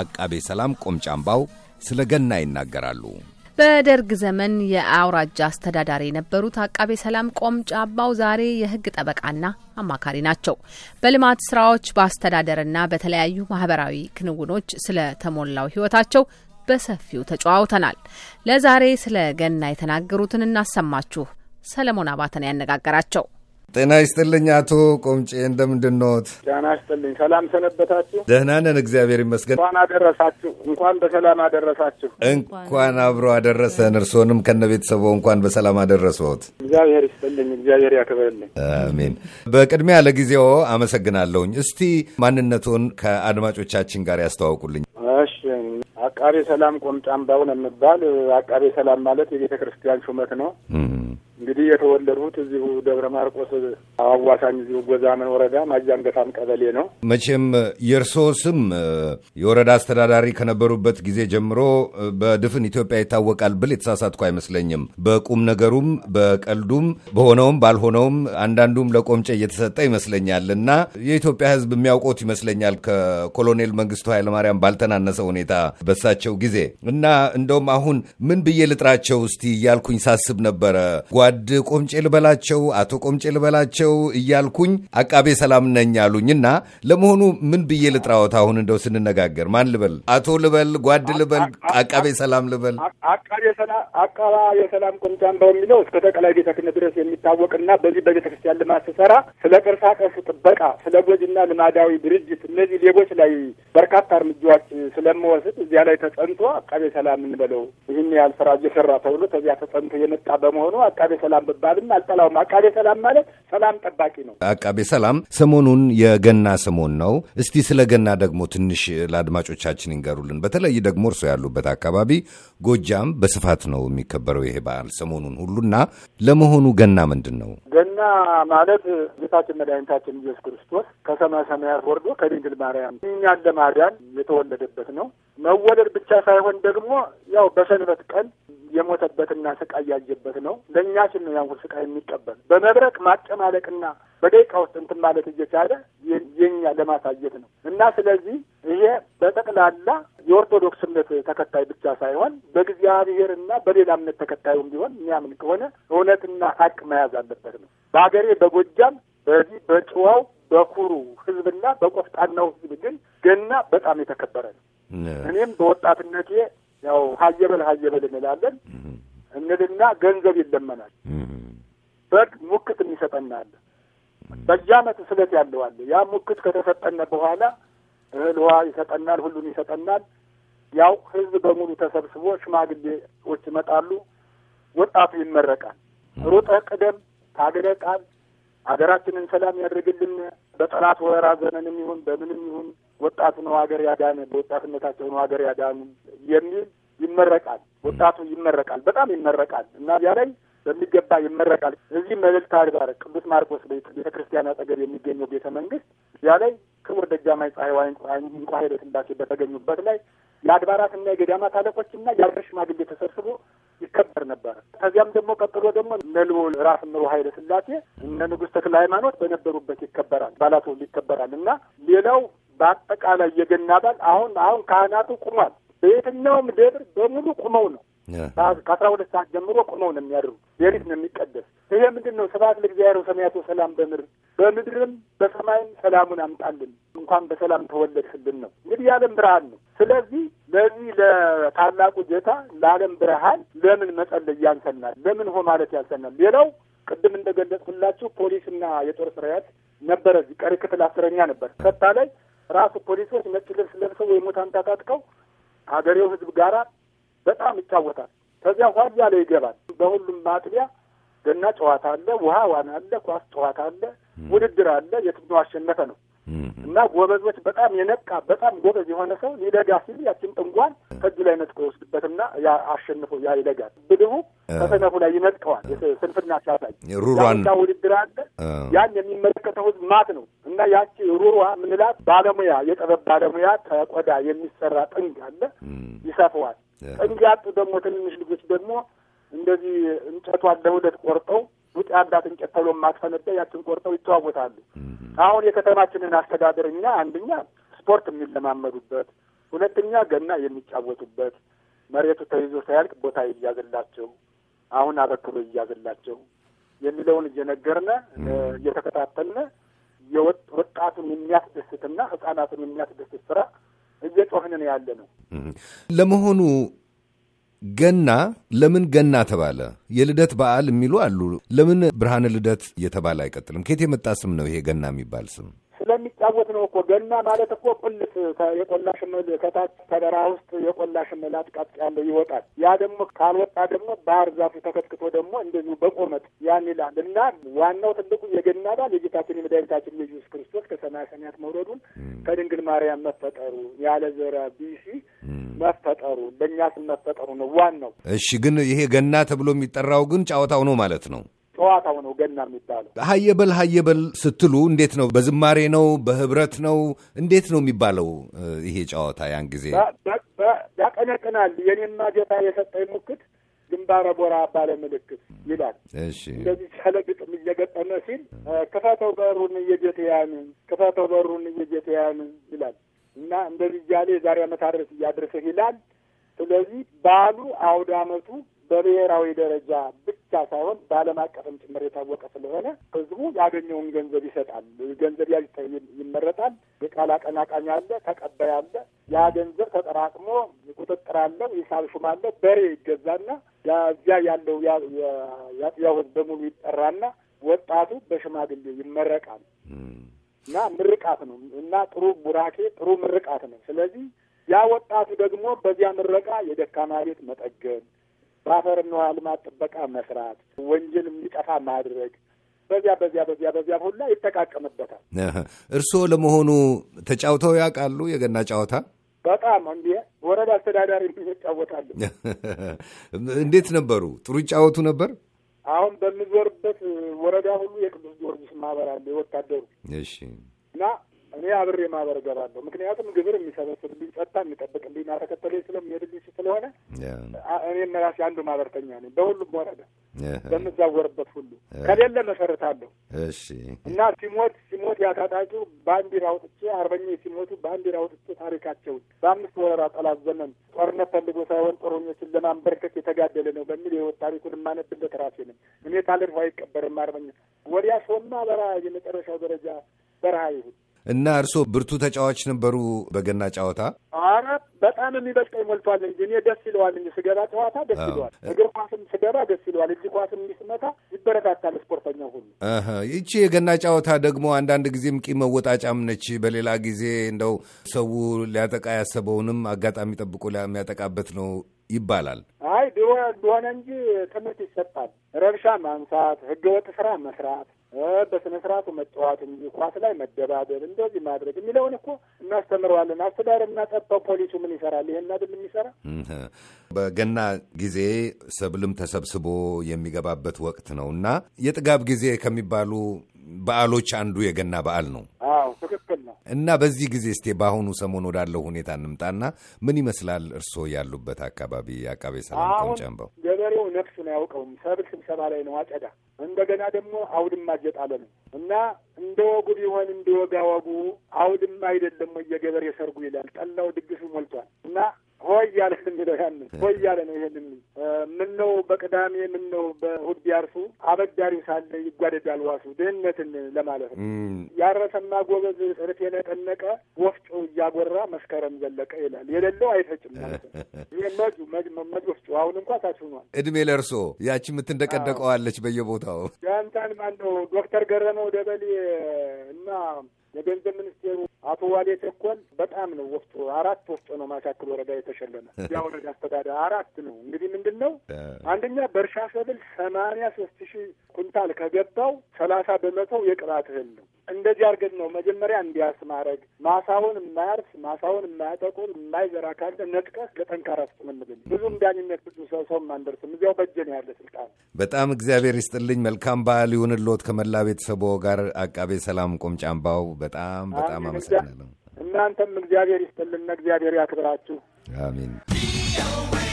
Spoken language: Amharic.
አቃቤ ሰላም ቆምጫምባው ስለ ገና ይናገራሉ። በደርግ ዘመን የአውራጃ አስተዳዳሪ የነበሩት አቃቤ ሰላም ቆምጫ አባው ዛሬ የሕግ ጠበቃና አማካሪ ናቸው። በልማት ስራዎች በአስተዳደርና በተለያዩ ማህበራዊ ክንውኖች ስለ ተሞላው ሕይወታቸው በሰፊው ተጨዋውተናል። ለዛሬ ስለ ገና የተናገሩትን እናሰማችሁ። ሰለሞን አባተን ያነጋገራቸው ጤና ይስጥልኝ አቶ ቆምጬ እንደምንድንኖት? ጤና ይስጥልኝ። ሰላም ሰነበታችሁ? ደህና ነን እግዚአብሔር ይመስገን። እንኳን አደረሳችሁ። እንኳን በሰላም አደረሳችሁ። እንኳን አብሮ አደረሰን። እርስዎንም ከነ ቤተሰቦ እንኳን በሰላም አደረሰዎት። እግዚአብሔር ይስጥልኝ። እግዚአብሔር ያክብርልኝ። አሜን። በቅድሚያ ለጊዜው አመሰግናለሁኝ። እስቲ ማንነቱን ከአድማጮቻችን ጋር ያስተዋውቁልኝ። እሺ አቃቤ ሰላም ቆምጬ አምባው ነው የምባል። አቃቤ ሰላም ማለት የቤተ ክርስቲያን ሹመት ነው። እንግዲህ የተወለዱት እዚሁ ደብረ ማርቆስ አዋሳኝ እዚሁ ጎዛመን ወረዳ ማጃንገታም ቀበሌ ነው። መቼም የእርሶ ስም የወረዳ አስተዳዳሪ ከነበሩበት ጊዜ ጀምሮ በድፍን ኢትዮጵያ ይታወቃል ብል የተሳሳትኩ አይመስለኝም። በቁም ነገሩም በቀልዱም በሆነውም ባልሆነውም አንዳንዱም ለቆምጨ እየተሰጠ ይመስለኛል እና የኢትዮጵያ ሕዝብ የሚያውቆት ይመስለኛል ከኮሎኔል መንግስቱ ኃይለማርያም ባልተናነሰ ሁኔታ በሳቸው ጊዜ እና እንደውም አሁን ምን ብዬ ልጥራቸው እስቲ እያልኩኝ ሳስብ ነበረ ጓድ ቆምጬ ልበላቸው፣ አቶ ቆምጬ ልበላቸው እያልኩኝ አቃቤ ሰላም ነኝ አሉኝ እና ለመሆኑ ምን ብዬ ልጥራዎት? አሁን እንደው ስንነጋገር ማን ልበል? አቶ ልበል፣ ጓድ ልበል፣ አቃቤ ሰላም ልበል? አቃቤ ሰላም ቆምጬ አምባው የሚለው እስከ ጠቅላይ ቤተ ክህነት ድረስ የሚታወቅና በዚህ በቤተ ክርስቲያን ልማት ስሰራ ስለ ቅርሳ ቅርስ ጥበቃ፣ ስለ ጎጅና ልማዳዊ ድርጅት እነዚህ ሌቦች ላይ በርካታ እርምጃዎች ስለመወስድ እዚያ ላይ ተጸንቶ አቃቤ ሰላም እንበለው ይህን ያህል ስራ እየሰራ ተብሎ ተዚያ ተጸንቶ የመጣ በመሆኑ አቃቤ ሰላም ብባልም አልጠላውም። አቃቤ ሰላም ማለት ሰላም ጠባቂ ነው። አቃቤ ሰላም ሰሞኑን የገና ሰሞን ነው። እስቲ ስለ ገና ደግሞ ትንሽ ለአድማጮቻችን ይንገሩልን። በተለይ ደግሞ እርሶ ያሉበት አካባቢ ጎጃም በስፋት ነው የሚከበረው ይሄ በዓል ሰሞኑን ሁሉና። ለመሆኑ ገና ምንድን ነው? ገና ማለት ጌታችን መድኃኒታችን ኢየሱስ ክርስቶስ ከሰማ ሰማያት ወርዶ ከድንግል ማርያም እኛን ለማዳን የተወለደበት ነው። መወለድ ብቻ ሳይሆን ደግሞ ያው በሰንበት ቀን የሞተበትና ስቃይ ያየበት ነው። ለእኛ በራሳችን ነው ያንጉል ስቃይ የሚቀበል በመብረቅ ማጨማለቅና በደቂቃ ውስጥ እንትን ማለት እየቻለ የኛ ለማሳየት ነው እና ስለዚህ ይሄ በጠቅላላ የኦርቶዶክስ እምነት ተከታይ ብቻ ሳይሆን በእግዚአብሔር እና በሌላ እምነት ተከታዩም ቢሆን የሚያምን ከሆነ እውነትና ሀቅ መያዝ አለበት ነው። በሀገሬ በጎጃም በዚህ በጭዋው በኩሩ ህዝብና በቆፍጣናው ህዝብ ግን ገና በጣም የተከበረ ነው። እኔም በወጣትነቴ ያው ሀየበል ሀየበል እንላለን እንልና ገንዘብ ይለመናል። በግ ሙክት የሚሰጠናል። በየዓመት ስለት ያለዋል። ያ ሙክት ከተሰጠነ በኋላ እህል ውሃ ይሰጠናል። ሁሉን ይሰጠናል። ያው ህዝብ በሙሉ ተሰብስቦ ሽማግሌዎች ይመጣሉ። ወጣቱ ይመረቃል። ሩጠህ ቅደም ቃል፣ ሀገራችንን ሰላም ያደርግልን። በጠላት ወረራ ዘመንም ይሁን በምንም ይሁን ወጣቱ ነው ሀገር ያዳነ፣ በወጣትነታቸው ነው ሀገር ያዳኑ የሚል ይመረቃል። ወጣቱ ይመረቃል። በጣም ይመረቃል እና እዚያ ላይ በሚገባ ይመረቃል። እዚህ መልዕልተ አድባር ቅዱስ ማርቆስ ቤት ቤተ ክርስቲያን አጠገብ የሚገኘው ቤተ መንግስት እዚያ ላይ ክቡር ደጃማዊ ፀሐይ እንቋሄ ስላሴ በተገኙበት ላይ የአድባራትና የገዳማት አለቆችና የአገር ሽማግሌ ተሰብስቦ ይከበር ነበር። ከዚያም ደግሞ ቀጥሎ ደግሞ ነልቦ ራስ ምሮ ኃይለ ስላሴ እነ ንጉሥ ተክለ ሃይማኖት በነበሩበት ይከበራል። ባላቶ ይከበራል እና ሌላው በአጠቃላይ የገና በዓል አሁን አሁን ካህናቱ ቁሟል። በየትኛውም ደብር በሙሉ ቁመው ነው ከአስራ ሁለት ሰዓት ጀምሮ ቁመው ነው የሚያድሩ። ሌሊት ነው የሚቀደስ። ይሄ ምንድን ነው? ስብሐት ለእግዚአብሔር ሰማያቶ ሰላም በምድር በምድርም በሰማይም ሰላሙን አምጣልን እንኳን በሰላም ስልን ነው። እንግዲህ የዓለም ብርሃን ነው። ስለዚህ ለዚህ ለታላቁ ጌታ ለዓለም ብርሃን ለምን መጸለይ ያንሰናል? ለምን ሆ ማለት ያንሰናል? ሌላው ቅድም እንደገለጽኩላችሁ ፖሊስና የጦር ስራያት ነበረ። እዚህ ቀሪ ክፍል አስረኛ ነበር። ከታ ላይ ራሱ ፖሊሶች ነጭ ልብስ ለብሰው ወይ ሙታን ታጣጥቀው ከሀገሬው ህዝብ ጋራ በጣም ይጫወታል። ከዚያ ዋያ ላይ ይገባል። በሁሉም ማጥቢያ ገና ጨዋታ አለ፣ ውሃ ዋና አለ፣ ኳስ ጨዋታ አለ፣ ውድድር አለ። የትኛው አሸነፈ ነው እና ጎበዞች በጣም የነቃ በጣም ጎበዝ የሆነ ሰው ሊደጋ ሲል ያችን ጥንጓን ከእጁ ላይ ነጥቆ ይወስድበትና አሸንፎ ያ ይደጋል። ብልሁ ከሰነፉ ላይ ይነጥቀዋል። ስንፍና ሲያሳይ ሩሯን ውድድር አለ። ያን የሚመለከተው ህዝብ ማት ነው እና ያቺ ሩሯ ምንላት ባለሙያ የጥበብ ባለሙያ ከቆዳ የሚሰራ ጥንግ አለ፣ ይሰፈዋል። ጥንግ ያጡ ደግሞ ትንንሽ ልጆች ደግሞ እንደዚህ እንጨቷን ለሁለት ቆርጠው ያላት እንጨት ተብሎ ማትፈነዳ ያችን ቆርጠው ይተዋወታሉ። አሁን የከተማችንን አስተዳደር እኛ አንደኛ ስፖርት የሚለማመዱበት፣ ሁለተኛ ገና የሚጫወቱበት መሬቱ ተይዞ ሳያልቅ ቦታ ይያዝላቸው፣ አሁን አበክሮ ይያዝላቸው የሚለውን እየነገርነ እየተከታተልነ የወጣቱን የሚያስደስትና ህጻናቱን የሚያስደስት ስራ እየጮህን ያለ ነው። ለመሆኑ ገና ለምን ገና ተባለ? የልደት በዓል የሚሉ አሉ። ለምን ብርሃነ ልደት እየተባለ አይቀጥልም? ከየት የመጣ ስም ነው ይሄ ገና የሚባል ስም? ስለሚጫወት ነው እኮ ገና ማለት እኮ ቅልት የቆላ ሽመል ከታች ከበራ ውስጥ የቆላ ሽመል አጥቃጥ ያለው ይወጣል። ያ ደግሞ ካልወጣ ደግሞ ባህር ዛፉ ተከትክቶ ደግሞ እንደዚሁ በቆመት ያን ይላል እና ዋናው ትልቁ የገና በዓል የጌታችን የመድኃኒታችን ኢየሱስ ሰማያ መውረዱን ከድንግል ማርያም መፈጠሩ ያለ ዘረ ቢሲ መፈጠሩ በእኛ ስም መፈጠሩ ነው ዋናው። እሺ፣ ግን ይሄ ገና ተብሎ የሚጠራው ግን ጨዋታው ነው ማለት ነው። ጨዋታው ነው ገና የሚባለው። ሀየበል ሀየበል ስትሉ እንዴት ነው? በዝማሬ ነው? በህብረት ነው? እንዴት ነው የሚባለው ይሄ ጨዋታ? ያን ጊዜ ያቀነቅናል። የኔማ ጌታ የሰጠኝ ሙክት ግንባረ ቦራ ባለ ምልክት ይላል። እንደዚህ ያለ ግጥም እየገጠመ ሲል ክፈተው በሩን እየጌትያን ክፈተው በሩን እየጌትያን ይላል እና እንደዚህ እያለ የዛሬ ዓመት አድረስ እያድርስህ ይላል። ስለዚህ በዓሉ አውደ አመቱ በብሔራዊ ደረጃ ብቻ ሳይሆን በዓለም አቀፍም ጭምር የታወቀ ስለሆነ ህዝቡ ያገኘውን ገንዘብ ይሰጣል። ገንዘብ ያ ይመረጣል። የቃል አቀናቃኝ አለ፣ ተቀባይ አለ። ያ ገንዘብ ተጠራቅሞ ቁጥጥር አለው ሂሳብ ሹም አለ። በሬ ይገዛና እዚያ ያለው የአጥቢያው ህዝብ በሙሉ ይጠራና ወጣቱ በሽማግሌ ይመረቃል እና ምርቃት ነው እና ጥሩ ቡራኬ፣ ጥሩ ምርቃት ነው። ስለዚህ ያ ወጣቱ ደግሞ በዚያ ምረቃ የደካማ ቤት መጠገን በአፈርና ውሃ ልማት ጥበቃ መስራት፣ ወንጀል እንዲጠፋ ማድረግ በዚያ በዚያ በዚያ በዚያ ሁላ ይጠቃቀምበታል። እርስዎ ለመሆኑ ተጫውተው ያውቃሉ? የገና ጨዋታ በጣም እንዲ ወረዳ አስተዳዳሪ ይጫወታሉ። እንዴት ነበሩ? ጥሩ ይጫወቱ ነበር? አሁን በምዞርበት ወረዳ ሁሉ የቅዱስ ጊዮርጊስ ማህበር አለ፣ የወታደሩ እና እኔ አብሬ ማህበር እገባለሁ። ምክንያቱም ግብር የሚሰበስብልኝ ጸጥታ የሚጠብቅልኝ ማረከተሌ ስለሚሄድልኝ ስለሆነ እኔም ራሴ አንዱ ማህበርተኛ ነኝ። በሁሉም ወረዳ በምዛወርበት ሁሉ ከሌለ መሰረታለሁ። እሺ እና ሲሞት ሲሞት ያታጣቂው ባንዲራ አውጥቼ አርበኛ ሲሞቱ ባንዲራ አውጥቼ ታሪካቸውን በአምስት ወረራ ጠላት ዘመን ጦርነት ፈልጎ ሳይሆን ጦረኞችን ለማንበርከት የተጋደለ ነው በሚል የህይወት ታሪኩን የማነብበት ራሴ ነኝ። እኔ ታልፎ አይቀበርም አርበኛ ወዲያ ሶማ በረሃ የመጨረሻው ደረጃ በረሃ ይሁን እና እርስዎ ብርቱ ተጫዋች ነበሩ በገና ጨዋታ? ኧረ በጣም የሚበልጠኝ ሞልቷል እንጂ እኔ ደስ ይለዋል እ ስገባ ጨዋታ ደስ ይለዋል። እግር ኳስም ስገባ ደስ ይለዋል። እጅ ኳስም ሚስመታ ይበረታታል ስፖርተኛ ሁሉ። ይቺ የገና ጨዋታ ደግሞ አንዳንድ ጊዜም ቂም መወጣጫም ነች። በሌላ ጊዜ እንደው ሰው ሊያጠቃ ያሰበውንም አጋጣሚ ጠብቆ የሚያጠቃበት ነው ይባላል። አይ ድሮ እንደሆነ እንጂ ትምህርት ይሰጣል። ረብሻ ማንሳት፣ ህገወጥ ስራ መስራት በስነ ስርዓቱ መጫወት ኳስ ላይ መደባደብ እንደዚህ ማድረግ የሚለውን እኮ እናስተምረዋለን። አስተዳደር እናጠባው። ፖሊሱ ምን ይሰራል? ይሄን አይደል የሚሰራ። በገና ጊዜ ሰብልም ተሰብስቦ የሚገባበት ወቅት ነው እና የጥጋብ ጊዜ ከሚባሉ በዓሎች አንዱ የገና በዓል ነው። አዎ ትክክል ነው። እና በዚህ ጊዜ እስቴ በአሁኑ ሰሞን ወዳለው ሁኔታ እንምጣና ምን ይመስላል እርስዎ ያሉበት አካባቢ? አቃቤ ሰላም ቀንጨንበው ገበሬው ነፍሱን አያውቀውም። ሰብል ስብሰባ ላይ ነው አጨዳ እንደገና ደግሞ አውድማ እየጣለ ነው እና እንደ ወጉ ቢሆን እንደ ወጋ ወጉ አውድማ አይደለም ወይ የገበሬ ሰርጉ ይላል። ጠላው ድግሱ ሞልቷል እና ሆይ ያለ የሚለው ያንን ሆይ ያለ ነው። ይሄንን ምን ነው በቅዳሜ ምን ነው በእሑድ ቢያርሱ አበዳሪው ሳለ ይጓደዳል ዋሱ ድህነትን ለማለት ነው። ያረሰማ ጎበዝ ጥርት የነጠነቀ ወፍጮ እያጎራ መስከረም ዘለቀ ይላል። የሌለው አይፈጭም ማለት ነው። ይህ መጅ ወፍጮ አሁን እንኳ ታች እድሜ ለእርሶ ያቺ የምትንደቀደቀዋለች በየቦታው ያንታን ማን ዶክተር ገረመው ደበሌ እና የገንዘብ ሚኒስቴሩ አቶ ዋሌ ተኮል በጣም ነው ወፍጮ አራት ወፍጮ ነው ማካከል ወረዳ የተሸለመ ያ ወረዳ አስተዳደር አራት ነው። እንግዲህ ምንድን ነው አንደኛ በእርሻ ሰብል ሰማንያ ሶስት ሺህ ኩንታል ከገባው ሰላሳ በመቶ የቅባት እህል ነው። እንደዚህ አድርገን ነው መጀመሪያ እንዲያስ ማድረግ ማሳውን የማያርስ ማሳውን የማያጠቁር የማይዘራ ካለ ነጥቀህ ለጠንካራ ስጥምንብል ብዙም ዳኝነት ብዙ ሰው ሰውም አንደርስም። እዚያው በጀን ያለ ስልጣን። በጣም እግዚአብሔር ይስጥልኝ። መልካም በዓል ይሁንልዎት ከመላ ቤተሰቦ ጋር አቃቤ ሰላም ቆምጫምባው በጣም በጣም አመሰግናለሁ። እናንተም እግዚአብሔር ይስጥልን፣ እግዚአብሔር ያክብራችሁ። አሚን።